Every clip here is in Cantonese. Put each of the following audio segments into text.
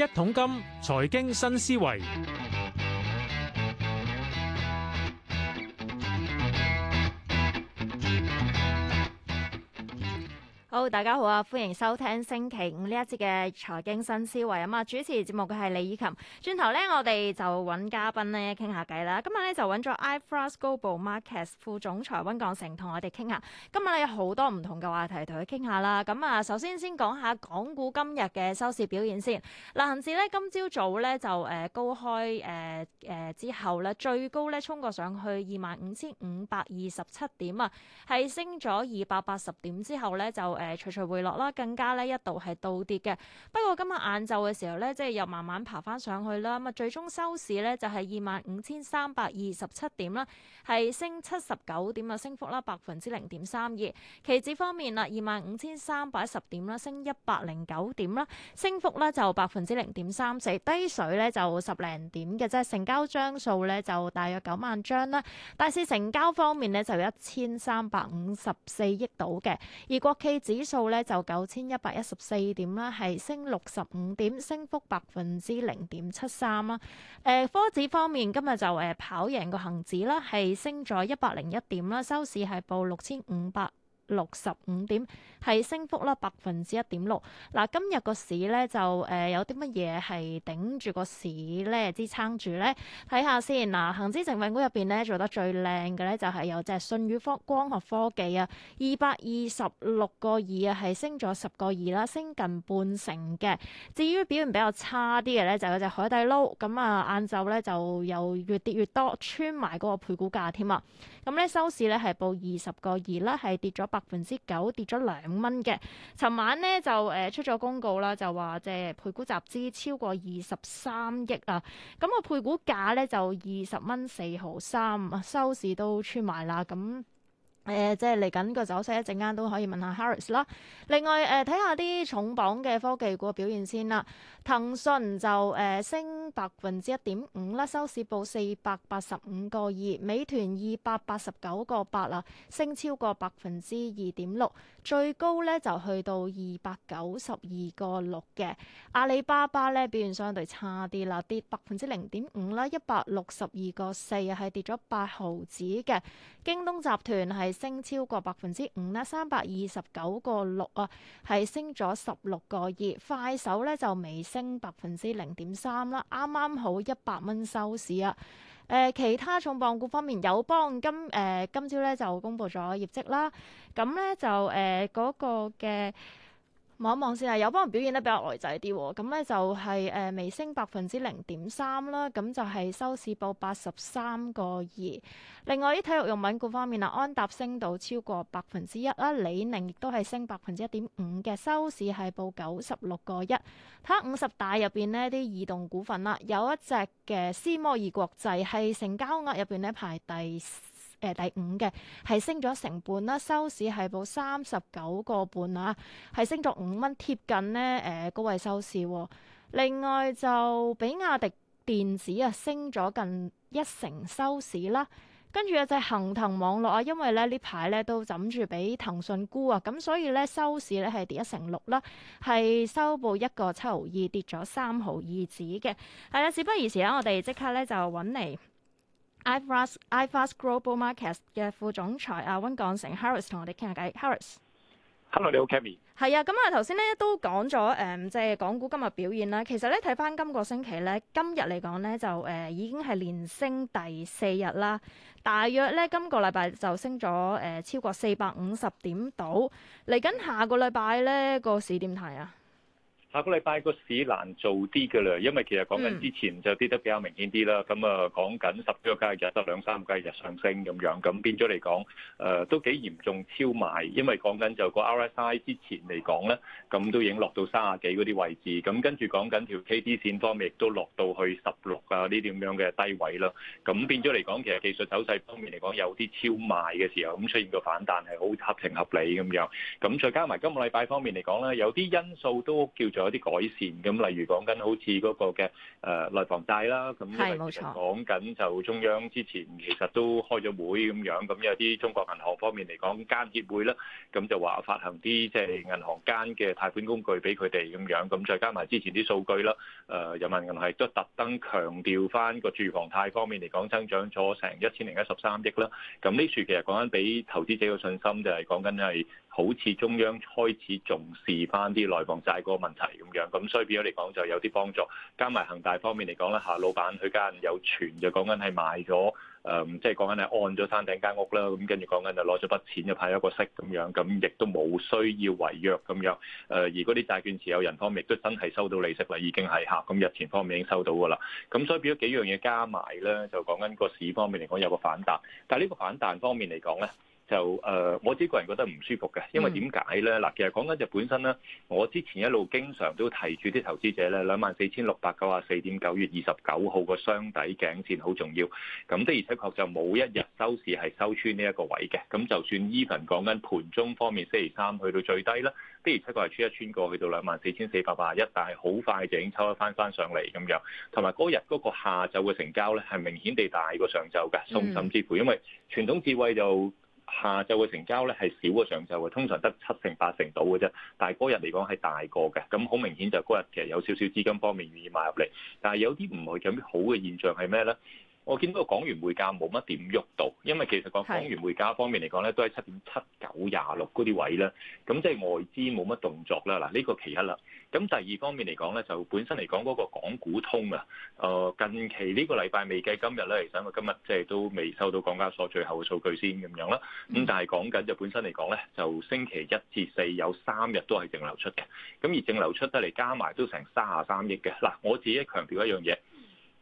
一桶金，財經新思維。好，大家好啊！歡迎收聽星期五呢一節嘅財經新思維啊！嘛，主持節目嘅係李以琴。轉頭咧，我哋就揾嘉賓咧傾下偈啦。今日咧就揾咗 IFRAS Global Markets 副總裁温綱城同我哋傾下。今日咧有好多唔同嘅話題同佢傾下啦。咁啊，首先先講下港股今日嘅收市表現先。嗱、啊，恒指呢，今朝早咧就誒、呃、高開誒誒、呃呃、之後咧最高咧衝過上去二萬五千五百二十七點啊，係升咗二百八十點之後咧就誒。呃誒，徐徐回落啦，更加呢一度係倒跌嘅。不過今日晏晝嘅時候呢，即係又慢慢爬翻上去啦。咁啊，最終收市呢，就係二萬五千三百二十七點啦，係升七十九點啊，升幅啦百分之零點三二。期指方面啦，二萬五千三百十點啦，升一百零九點啦，升幅呢就百分之零點三四，低水呢就十零點嘅啫。成交張數呢，就大約九萬張啦。大市成交方面呢，就一千三百五十四億度嘅，而國企指。指數呢就九千一百一十四點啦，係升六十五點，升幅百分之零點七三啦。誒、呃，科指方面今日就誒、呃、跑贏個恒指啦，係升咗一百零一點啦，收市係報六千五百。六十五點，係升幅啦，百分之一點六。嗱，今日個市咧就誒、呃、有啲乜嘢係頂住個市咧，支撐住咧？睇下先。嗱、啊，恆指成分股入邊咧做得最靚嘅咧，就係、是、有隻信宇科光學科技啊，二百二十六個二啊，係升咗十個二啦，升近半成嘅。至於表現比較差啲嘅咧，就有隻海底撈。咁啊，晏晝咧就又越跌越多，穿埋嗰個配股價添啊。咁咧收市咧係報二十個二啦，係跌咗百百分之九，跌咗兩蚊嘅。尋晚咧就誒、呃、出咗公告啦，就話誒配股集資超過二十三億啊，咁、啊、個配股價咧就二十蚊四毫三啊，收市都穿埋啦咁。啊嗯誒、呃，即係嚟緊個走勢，一陣間都可以問下 Harris 啦。另外誒，睇下啲重磅嘅科技股表現先啦。騰訊就誒、呃、升百分之一點五啦，收市報四百八十五個二。美團二百八十九個八啦，升超過百分之二點六，最高咧就去到二百九十二個六嘅。阿里巴巴咧表現相對差啲啦，跌百分之零點五啦，一百六十二個四啊，係跌咗八毫子嘅。京東集團係，升超過百分之五咧，三百二十九個六啊，係升咗十六個二。快手咧就未升百分之零點三啦，啱啱好一百蚊收市啊。誒、呃，其他重磅股方面，友邦今誒、呃、今朝咧就公布咗業績啦，咁咧就誒嗰、呃嗰個嘅。望一望先啊，有幫人表現得比較呆滯啲喎，咁、嗯、呢就係誒微升百分之零點三啦，咁、嗯、就係、是、收市報八十三個二。另外啲體育用品股方面啦，安踏升到超過百分之一啦，李寧亦都係升百分之一點五嘅，收市係報九十六個一。睇下五十大入邊呢啲異動股份啦，有一隻嘅斯摩爾國際係成交額入邊呢排第四。誒第五嘅係升咗成半啦，收市係報三十九個半啊，係升咗五蚊，貼近呢誒、呃、高位收市喎、啊。另外就比亞迪電子啊，升咗近一成收、啊近一啊，收市啦。跟住有隻恆騰網絡啊，因為咧呢排咧都枕住畀騰訊沽啊，咁所以咧收市咧係跌一成六啦，係收報一個七毫二，跌咗三毫二止嘅。係啦，事不宜遲啊，我哋即刻咧就揾嚟。iFirst iFirst Global Market 嘅副總裁阿温綱城 Harris 同我哋傾下偈。Harris，hello，你好，Kami。係、嗯、啊，咁啊，頭先咧都講咗，誒，即係港股今日表現啦。其實咧睇翻今個星期咧，今日嚟講咧就誒、呃、已經係連升第四日啦。大約咧今、這個禮拜就升咗誒、呃、超過四百五十點度。嚟緊下，下個禮拜咧個市點睇啊？下個禮拜個市難做啲嘅啦，因為其實講緊之前就跌得比較明顯啲啦，咁啊講緊十幾個交易日得兩三個交易日上升咁樣，咁變咗嚟講，誒、呃、都幾嚴重超賣，因為講緊就個 RSI 之前嚟講咧，咁都已經落到三十幾嗰啲位置，咁跟住講緊條 KD 線方面亦都落到去十六啊呢啲咁樣嘅低位啦，咁變咗嚟講，其實技術走勢方面嚟講有啲超賣嘅時候咁出現個反彈係好合情合理咁樣，咁再加埋今個禮拜方面嚟講咧，有啲因素都叫做。有啲改善咁，例如講緊好似嗰個嘅誒內房債啦，咁誒講緊就中央之前其實都開咗會咁樣，咁有啲中國銀行方面嚟講間接會啦，咁就話發行啲即係銀行間嘅貸款工具俾佢哋咁樣，咁再加埋之前啲數據啦，誒人民銀行係都特登強調返個住房貸方面嚟講增長咗成一千零一十三億啦，咁呢處其實講緊俾投資者嘅信心就係講緊係。好似中央開始重視翻啲內房債個問題咁樣，咁所以變咗嚟講就有啲幫助。加埋恒大方面嚟講咧嚇，老闆佢家有傳就講緊係賣咗，誒即係講緊係按咗山頂間屋啦。咁跟住講緊就攞咗筆錢就派咗個息咁樣，咁亦都冇需要違約咁樣。誒、呃、而嗰啲債券持有人方面亦都真係收到利息啦，已經係嚇咁日前方面已經收到㗎啦。咁所以變咗幾樣嘢加埋咧，就講緊個市方面嚟講有個反彈。但係呢個反彈方面嚟講咧？就誒、呃，我自己個人覺得唔舒服嘅，因為點解咧？嗱，其實講緊就本身咧，我之前一路經常都提住啲投資者咧，兩萬四千六百九十四點九月二十九號個雙底頸線好重要。咁的而且確就冇一日收市係收穿呢一個位嘅。咁就算 Even 講緊盤中方面，星期三去到最低啦，的而且確係穿一穿過去到兩萬四千四百八十一，但係好快就已經抽得翻翻上嚟咁樣。同埋嗰日嗰個下晝嘅成交咧，係明顯地大過上晝嘅，甚甚至乎因為傳統智慧就。下晝嘅成交咧係少過上晝嘅，通常得七成八成到嘅啫，但係嗰日嚟講係大個嘅，咁好明顯就嗰日其實有少少資金方面願意買入嚟，但係有啲唔係咁好嘅現象係咩咧？我見到港元匯價冇乜點喐到，因為其實講港元匯價方面嚟講咧，都喺七點七九廿六嗰啲位啦。咁即係外資冇乜動作啦。嗱，呢個其一啦。咁第二方面嚟講咧，就本身嚟講嗰個港股通啊，呃近期呢、這個禮拜未計今日咧，其實我今日即係都未收到港交所最後嘅數據先咁樣啦。咁但係講緊就本身嚟講咧，就星期一至四有三日都係淨流出嘅，咁而淨流出得嚟加埋都成卅三億嘅。嗱，我自己強調一樣嘢。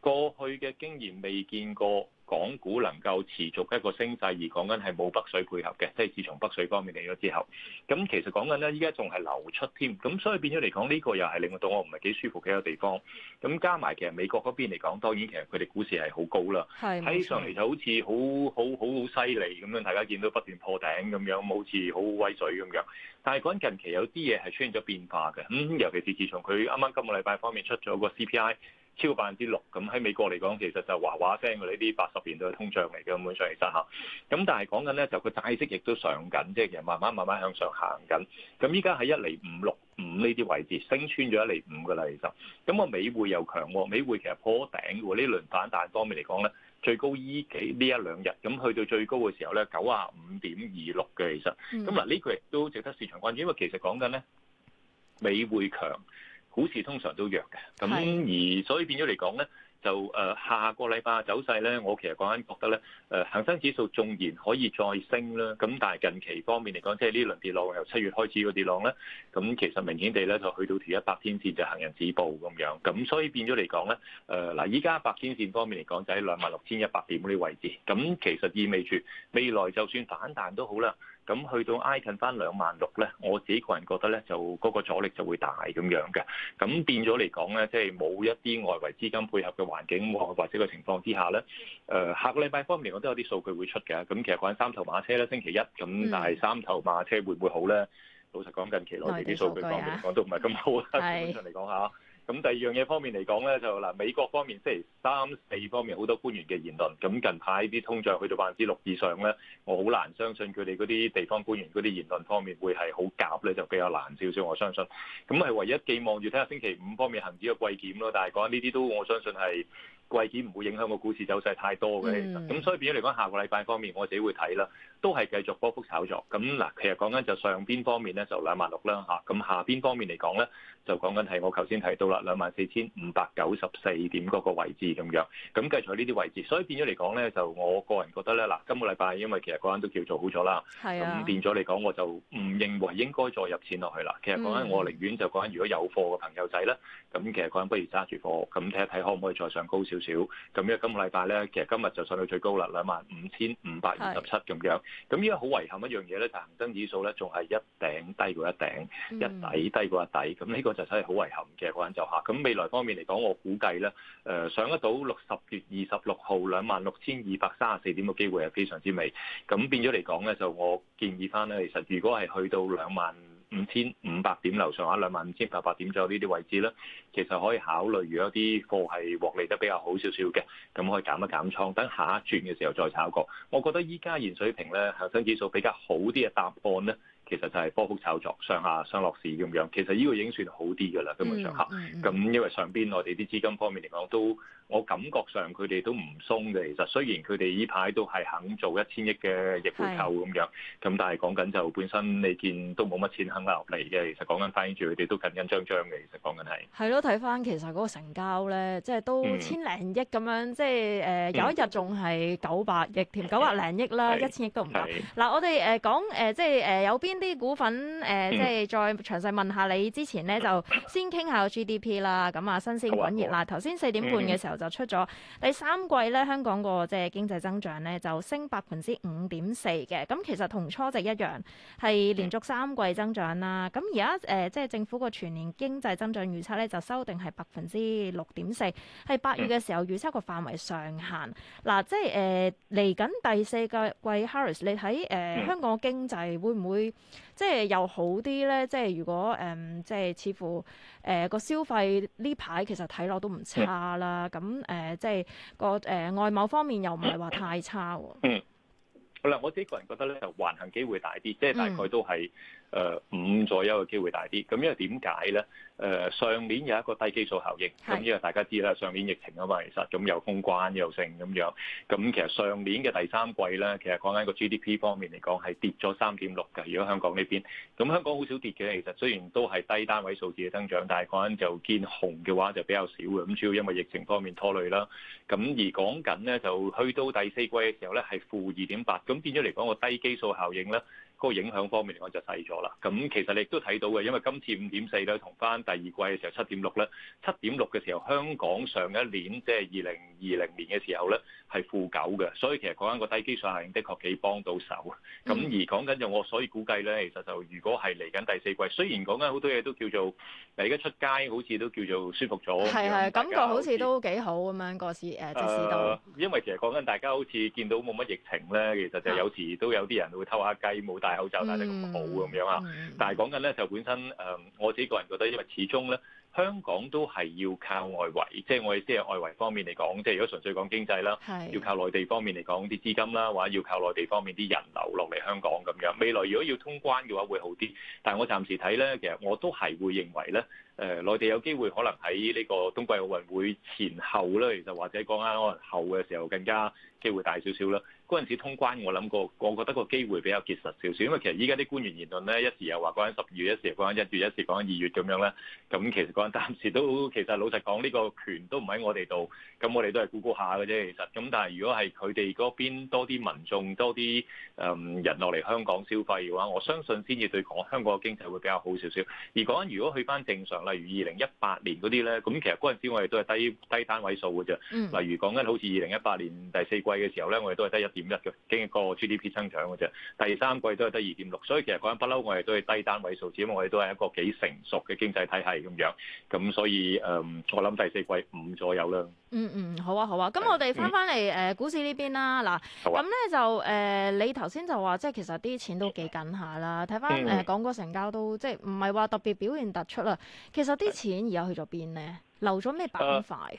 過去嘅經驗未見過港股能夠持續一個升勢，而講緊係冇北水配合嘅，即係自從北水方面嚟咗之後。咁其實講緊咧，依家仲係流出添。咁所以變咗嚟講，呢個又係令到我唔係幾舒服嘅一個地方。咁加埋其實美國嗰邊嚟講，當然其實佢哋股市係好高啦，睇係起上嚟就好似好好好犀利咁樣，大家見到不斷破頂咁樣，好似好威水咁樣。但係講緊近期有啲嘢係出現咗變化嘅，咁尤其是自從佢啱啱今個禮拜方面出咗個 CPI。超過百分之六咁喺美國嚟講，其實就話話聲我哋呢啲八十年代通脹嚟嘅，咁本上其真嚇。咁但係講緊咧，就個債息亦都上緊，即係其實慢慢慢慢向上行緊。咁依家喺一厘五六五呢啲位置，升穿咗一厘五㗎啦，其實。咁個美匯又強喎，啊，美匯其實破頂㗎喎。呢輪反彈方面嚟講咧，最高依幾呢一兩日，咁去到最高嘅時候咧，九啊五點二六嘅其實。咁嗱，呢個亦都值得市場關注，因為其實講緊咧，美匯強。股市通常都弱嘅，咁的而所以變咗嚟講咧，就誒、呃、下個禮拜走勢咧，我其實講緊覺得咧，誒、呃、恆生指數縱然可以再升啦，咁但係近期方面嚟講，即係呢輪跌浪由七月開始嘅跌浪咧，咁其實明顯地咧就去到條一百天綫就行人止步咁樣，咁所以變咗嚟講咧，誒嗱依家一百天綫方面嚟講，就喺兩萬六千一百點嗰啲位置，咁其實意味住未來就算反彈都好啦。咁去到挨近翻兩萬六咧，我自己個人覺得咧，就嗰個阻力就會大咁樣嘅。咁變咗嚟講咧，即係冇一啲外圍資金配合嘅環境或，或者個情況之下咧，誒、呃、下個禮拜方面我都有啲數據會出嘅。咁其實講緊三頭馬車咧，星期一咁，但係三頭馬車會唔會好咧？嗯、老實講，近期內地啲數據講嚟講都唔係咁好啦。下的。基本上咁第二樣嘢方面嚟講咧，就嗱、是、美國方面星期三四方面好多官員嘅言論，咁近排啲通脹去到百分之六以上咧，我好難相信佢哋嗰啲地方官員嗰啲言論方面會係好夾咧，就比較難少少，我相信。咁係唯一寄望住睇下星期五方面恆指嘅季檢咯。但係講呢啲都我相信係季檢唔會影響個股市走勢太多嘅。其實咁、嗯、所以變咗嚟講，下個禮拜方面我自己會睇啦。都係繼續波幅炒作，咁嗱，其實講緊就上邊方面咧就兩萬六啦嚇，咁下邊方面嚟講咧就講緊係我頭先提到啦，兩萬四千五百九十四點嗰個位置咁樣，咁繼續喺呢啲位置，所以變咗嚟講咧就我個人覺得咧嗱，今個禮拜因為其實嗰陣都叫做好咗啦，咁是、啊、變咗嚟講我就唔認為應該再入錢落去啦。其實講緊我寧願就講緊、嗯、如果有貨嘅朋友仔咧，咁其實嗰陣不如揸住貨，咁睇一睇可唔可以再上高少少。咁因為今個禮拜咧，其實今日就上到最高啦，兩萬五千五百二十七咁樣。咁依家好遺憾一樣嘢咧，就係恆生指數咧，仲係一頂低過一頂，一底低過一底，咁呢個就真係好遺憾嘅關就下。咁未來方面嚟講，我估計咧，誒、呃、上得到六十月二十六號兩萬六千二百三十四點嘅機會係非常之微。咁變咗嚟講咧，就我建議返咧，其實如果係去到兩萬五千五百點樓上下，兩萬五千八百點左右呢啲位置咧，其實可以考慮，如果啲貨係獲利得比較好少少嘅，咁可以減一減倉，等下一轉嘅時候再炒過。我覺得依家現水平咧，恒生指數比較好啲嘅答案咧，其實就係波幅炒作，上下上落市咁樣。其實呢個已經算好啲噶啦，根本上，合的。咁因為上邊我哋啲資金方面嚟講都。我感覺上佢哋都唔鬆嘅，其實雖然佢哋呢排都係肯做一千億嘅逆回購咁樣，咁但係講緊就本身你見都冇乜錢肯落嚟嘅，其實講緊反映住佢哋都緊緊張張嘅，其實講緊係係咯，睇返其實嗰個成交咧，即係都千零億咁樣，即係誒有一日仲係九百億添，九百零億啦，一千億都唔夠。嗱，我哋誒講誒即係誒有邊啲股份誒，即係再詳細問下你之前咧就先傾下 GDP 啦，咁啊新鮮滾熱辣，頭先四點半嘅時候。就出咗第三季咧，香港個即係經濟增長咧就升百分之五點四嘅。咁其實同初值一樣，係連續三季增長啦。咁而家誒，即係政府個全年經濟增長預測咧就修訂係百分之六點四，係八月嘅時候預測個範圍上限。嗱、啊，即係誒嚟緊第四個季，Harris，你睇誒、呃、香港經濟會唔會？即係又好啲咧，即係如果誒、嗯，即係似乎誒、呃、個消費呢排其實睇落都唔差啦。咁誒、呃，即係個誒、呃、外貿方面又唔係話太差喎。嗱，我自己個人覺得咧，就橫行機會大啲，即係大概都係誒五左右嘅機會大啲。咁、mm. 因為點解咧？誒、呃、上年有一個低基數效應，咁是因為大家知啦，上年疫情啊嘛，其實咁又封關又剩咁樣。咁其實上年嘅第三季咧，其實講緊個 GDP 方面嚟講係跌咗三點六㗎。如果香港呢邊，咁香港好少跌嘅，其實雖然都係低單位數字嘅增長，但係講緊就見紅嘅話就比較少嘅。咁主要因為疫情方面拖累啦。咁而講緊咧，就去到第四季嘅時候咧，係負二點八咁。變咗嚟講，個低基數效應咧。嗰個影響方面嚟講就細咗啦。咁其實你亦都睇到嘅，因為今次五點四咧，同翻第二季嘅時候七點六咧，七點六嘅時候香港上一年即係二零二零年嘅時候咧係負九嘅，所以其實講緊個低基數係的確幾幫到手啊。咁而講緊就我所以估計咧，其實就如果係嚟緊第四季，雖然講緊好多嘢都叫做誒而家出街好似都叫做舒服咗，係係的感覺好似都幾好咁樣個市誒、呃、即市道。因為其實講緊大家好似見到冇乜疫情咧，其實就有時都有啲人會偷下雞冇。戴口罩戴得咁好咁樣啊！嗯嗯、但係講緊咧就本身誒、呃，我自己個人覺得，因為始終咧香港都係要靠外圍，即係我哋即係外圍方面嚟講，即係如果純粹講經濟啦，係要靠內地方面嚟講啲資金啦，或者要靠內地方面啲人流落嚟香港咁樣。未來如果要通關嘅話，會好啲。但係我暫時睇咧，其實我都係會認為咧。誒內地有機會可能喺呢個冬季奧運會前後咧，其實或者講緊可能後嘅時候更加機會大少少啦。嗰陣時通關，我諗過，我覺得個機會比較結實少少，因為其實依家啲官員言論咧，一時又話講緊十二月，一時又講緊一月，一時講緊二月咁樣咧。咁其實講緊暫時都其實老實講，呢個權都唔喺我哋度，咁我哋都係估估下嘅啫。其實，咁但係如果係佢哋嗰邊多啲民眾多啲誒人落嚟香港消費嘅話，我相信先至對我香港嘅經濟會比較好少少。而講緊如果去返正常。例如二零一八年嗰啲咧，咁其實嗰陣時我哋都係低低單位數嘅啫。嗯、例如講緊好似二零一八年第四季嘅時候咧，我哋都係低一點一嘅經過 GDP 增長嘅啫。第三季都係低二點六，所以其實講緊不嬲，我哋都係低單位數，只因為我哋都係一個幾成熟嘅經濟體系咁樣。咁所以誒、嗯，我諗第四季五左右啦。嗯嗯，好啊好啊。咁我哋翻返嚟誒股市呢邊啦，嗱、嗯，咁咧就誒、呃、你頭先就話即係其實啲錢都幾緊下啦。睇翻誒港股成交都、嗯、即係唔係話特別表現突出啦。其實啲錢而家去咗邊咧？留咗咩板塊啊？嗱、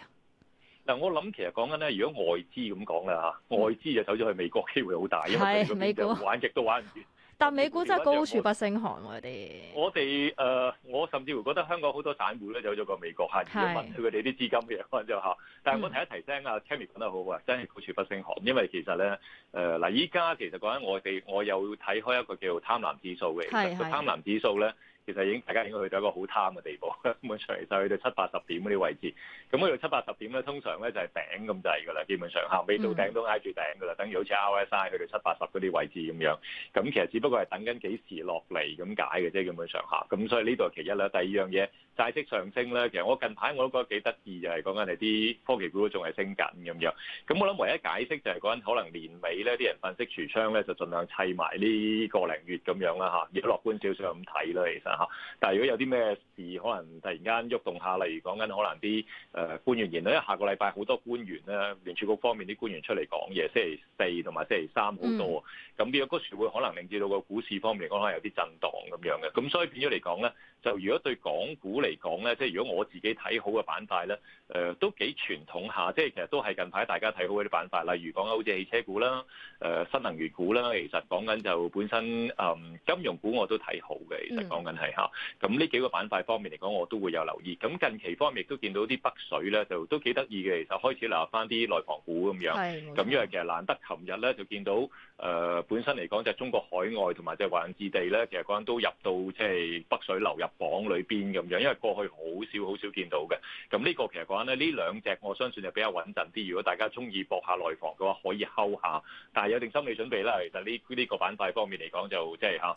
呃呃，我諗其實講緊咧，如果外資咁講啦吓，外資就走咗去美國，機會好大。係、嗯，因為美股玩極都玩唔完。但美股真係高處不勝寒喎、啊，哋們，我哋誒、呃，我甚至乎覺得香港好多散戶咧走咗去美國，係要問佢哋啲資金嘅。咁就吓。嗯、但係我提一提聲，阿 Timmy 講得好啊，真係高處不勝寒。因為其實咧，誒、呃，嗱，依家其實講緊我哋，我有睇開一個叫做貪婪指數嘅。係係。貪婪指數咧。其實已經大家應該去到一個好貪嘅地步，咁樣出嚟就去到七八十點嗰啲位置。咁去到七八十點咧，通常咧就係頂咁滯嘅啦，基本上下未到頂都挨住頂嘅啦，等於好似 RSI 去到七八十嗰啲位置咁樣。咁其實只不過係等緊幾時落嚟咁解嘅啫，基本上下。咁所以呢度係其一啦。第二樣嘢債息上升咧，其實我近排我都覺得幾得意，就係講緊你啲科技股都仲係升緊咁樣。咁我諗唯一解釋就係講緊可能年尾咧，啲人粉飾櫥窗咧就盡量砌埋呢個零月咁樣啦嚇，亦都樂觀少少咁睇啦，其實。但係如果有啲咩事，可能突然間喐動下，例如講緊可能啲誒官員言咧，下個禮拜好多官員咧，聯儲局方面啲官員出嚟講嘢，星期四同埋星期三好多，咁變咗嗰時會可能令至到個股市方面嚟講，可能有啲震盪咁樣嘅。咁所以變咗嚟講咧，就如果對港股嚟講咧，即係如果我自己睇好嘅板塊咧，誒都幾傳統下，即係其實都係近排大家睇好嗰啲板塊，例如講緊好似汽車股啦、誒新能源股啦，其實講緊就本身誒金融股我都睇好嘅，其實講緊係。嗯嚇，咁呢幾個板塊方面嚟講，我都會有留意。咁近期方面亦都見到啲北水咧，就都幾得意嘅。其實開始流入翻啲內房股咁樣。係。咁因為其實難得呢，琴日咧就見到誒、呃、本身嚟講就係中國海外同埋即係華人置地咧，其實講都入到即係北水流入榜裏邊咁樣。因為過去好少好少見到嘅。咁呢個其實講咧，呢兩隻我相信就比較穩陣啲。如果大家中意博下內房嘅話，可以睺下。但係有定心理準備啦。其實呢呢個板塊方面嚟講、就是，就即係嚇。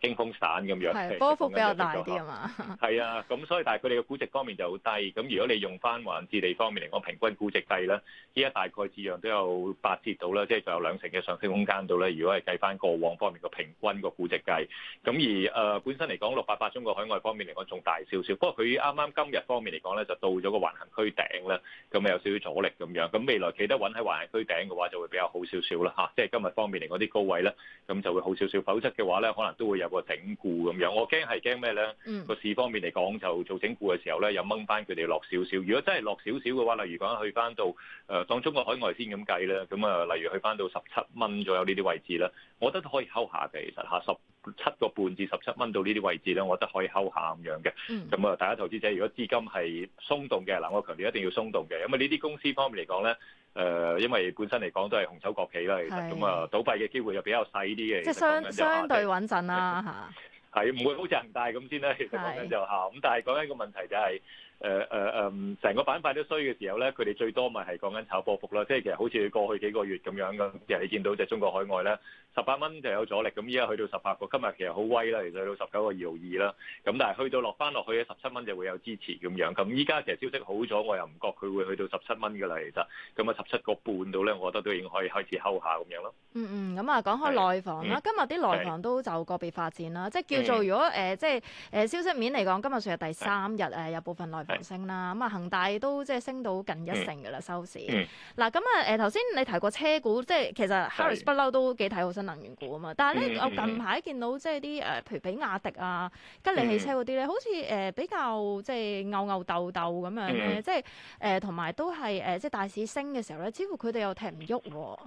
誒驚風散咁樣，是波幅比較大啲啊嘛。係 啊，咁所以但係佢哋嘅估值方面就好低。咁如果你用翻環指地方面嚟講，平均估值低啦。依家大概至少都有八折到啦，即係仲有兩成嘅上升空間度咧。如果係計翻過往方面嘅平均個估值計，咁而誒本身嚟講六八八中國海外方面嚟講仲大少少。不過佢啱啱今日方面嚟講咧就到咗個橫行區頂啦，咁啊有少少阻力咁樣。咁未來企得穩喺橫行區頂嘅話就會比較好少少啦嚇，即係今日方面嚟講啲高位咧，咁就會好少少。否則嘅話咧可能都。會有個整固咁樣，我驚係驚咩咧？個市方面嚟講，就做整固嘅時候咧，又掹翻佢哋落少少。如果真係落少少嘅話，例如講去翻到誒當中國海外先咁計咧，咁啊，例如去翻到十七蚊左右呢啲位置啦，我覺得都可以拋下嘅，其實下十。七個半至十七蚊到呢啲位置咧，我覺得可以睺下咁樣嘅。咁啊、mm，hmm. 大家投資者如果資金係鬆動嘅，嗱，我強調一定要鬆動嘅，因為呢啲公司方面嚟講咧，誒、呃，因為本身嚟講都係紅籌國企啦，是其實，咁啊，倒閉嘅機會又比較細啲嘅。即係相相對穩陣啦、啊，嚇。 係唔會好似恒大咁先啦，其實講緊就嚇。咁是但係講緊一個問題就係、是。誒誒誒，成、uh, um, 個板塊都衰嘅時候咧，佢哋最多咪係講緊炒波幅啦。即係其實好似過去幾個月咁樣嘅，其實你見到就中國海外咧，十八蚊就有阻力。咁依家去到十八個，今日其實好威 2. 2啦，其實去到十九個二毫二啦。咁但係去到落翻落去嘅十七蚊就會有支持咁樣。咁依家其實消息好咗，我又唔覺佢會去到十七蚊嘅啦，其實咁啊，十七個半到咧，我覺得都已經可以開始睺下咁樣咯、嗯。嗯嗯，咁啊，講開內房啦，是今日啲內房都就個別發展啦，即係是叫做如果誒是、呃，即係誒消息面嚟講，今日算係第三日誒，是有部分內房。上升啦，咁啊恒大都即係升到近一成嘅啦收市。嗱咁啊，誒頭先你提過車股，即係其實 Harris 不嬲都幾睇好新能源股啊嘛。但係咧，嗯、我近排見到即係啲誒，譬如比亞迪啊、吉利汽車嗰啲咧，嗯、好似誒、呃、比較即係吽吽哣哣咁樣嘅，即係誒同埋都係誒即係大市升嘅時候咧，似乎佢哋又踢唔喐喎。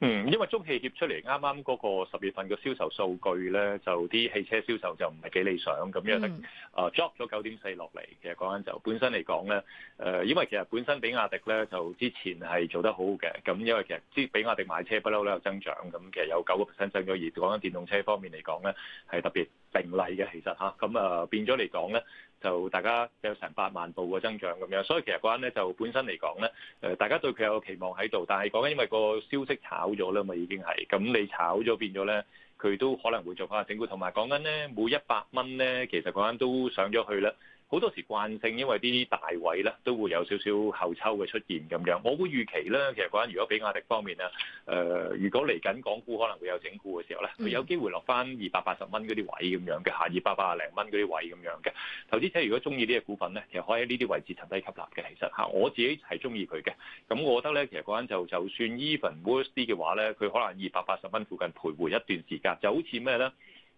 嗯，因為中汽協出嚟啱啱嗰個十月份嘅銷售數據咧，就啲汽車銷售就唔係幾理想咁，因為誒 drop 咗九點四落嚟嘅。講緊就本身嚟講咧，誒、呃，因為其實本身比亞迪咧就之前係做得好好嘅，咁因為其實即比亞迪買車不嬲咧有增長，咁其實有九個 percent 增長。而講緊電動車方面嚟講咧，係特別定例嘅，其實吓，咁啊變咗嚟講咧。就大家有成百萬部嘅增長咁樣，所以其實嗰間咧就本身嚟講咧，誒大家對佢有期望喺度，但係講緊因為個消息炒咗啦嘛，已經係咁你炒咗變咗咧，佢都可能會做翻整股，同埋講緊咧每一百蚊咧，其實嗰間都上咗去啦。好多時慣性，因為啲大位咧都會有少少後抽嘅出現咁樣，我會預期咧，其實嗰陣如果比亞迪方面咧，誒、呃、如果嚟緊港股可能會有整固嘅時候咧，佢有機會落翻二百八十蚊嗰啲位咁樣嘅，嚇二百八啊零蚊嗰啲位咁樣嘅，投資者如果中意呢隻股份咧，其實可以喺呢啲位置沉低吸納嘅，其實嚇我自己係中意佢嘅，咁我覺得咧，其實嗰陣就就算 even worse 啲嘅話咧，佢可能二百八十蚊附近徘徊一段時間，就好似咩咧？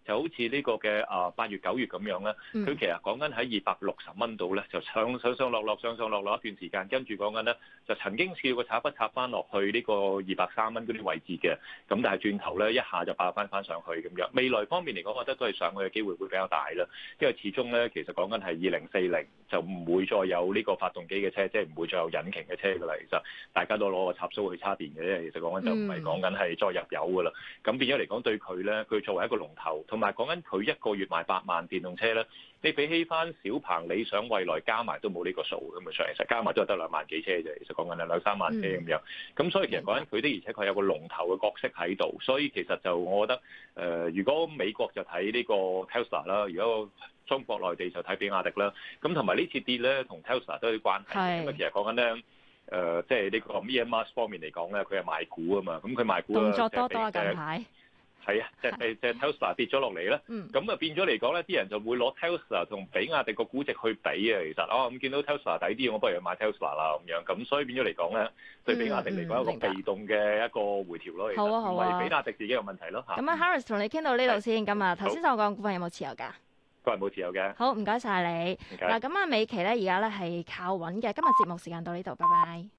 就好似呢個嘅啊八月九月咁樣咧，佢、嗯、其實講緊喺二百六十蚊度咧，就上上上落落上上落落一段時間，跟住講緊咧就曾經試過插不插翻落去呢個二百三蚊嗰啲位置嘅，咁但係轉頭咧一下就爆翻翻上去咁樣。未來方面嚟講，我覺得都係上去嘅機會會比較大啦，因為始終咧其實講緊係二零四零。就唔會再有呢個發動機嘅車，即係唔會再有引擎嘅車㗎喇。其實大家都攞個插蘇去插電嘅啫。其實講緊就唔係講緊係再入油㗎喇。咁變咗嚟講，對佢咧，佢作為一個龍頭，同埋講緊佢一個月賣八萬電動車咧。你比起翻小鵬理想蔚來加埋都冇呢個數咁啊！上嚟實加埋都係得兩萬幾車啫，其實講緊兩三萬車咁樣。咁、嗯、所以其實講緊佢啲，而且佢有個龍頭嘅角色喺度。所以其實就我覺得，誒、呃，如果美國就睇呢個 Tesla 啦，如果中國內地就睇比亞迪啦。咁同埋呢次跌咧，同 Tesla 都有啲關係。係咁是其實講緊咧，誒、呃，即係呢個 Elon Musk 方面嚟講咧，佢係賣股啊嘛。咁佢賣股啦，動作多多近排。係啊，即係即係 Tesla 跌咗落嚟咧，咁啊、嗯、變咗嚟講咧，啲人就會攞 Tesla 同比亞迪個估值去比啊，其實哦，咁、嗯、見到 Tesla 抵啲，我不如買 Tesla 啦咁樣，咁所以變咗嚟講咧，對比亞迪嚟講係一個被動嘅一個回調咯，而唔係比亞迪自己有問題咯吓。咁啊，啊，Harris 同你傾到呢度先，咁啊是，頭先就講股份有冇持有噶？個人冇持有嘅。好，唔該晒你。嗱 Okay.，咁啊，美期咧而家咧係靠穩嘅。今日節目時間到呢度，拜拜。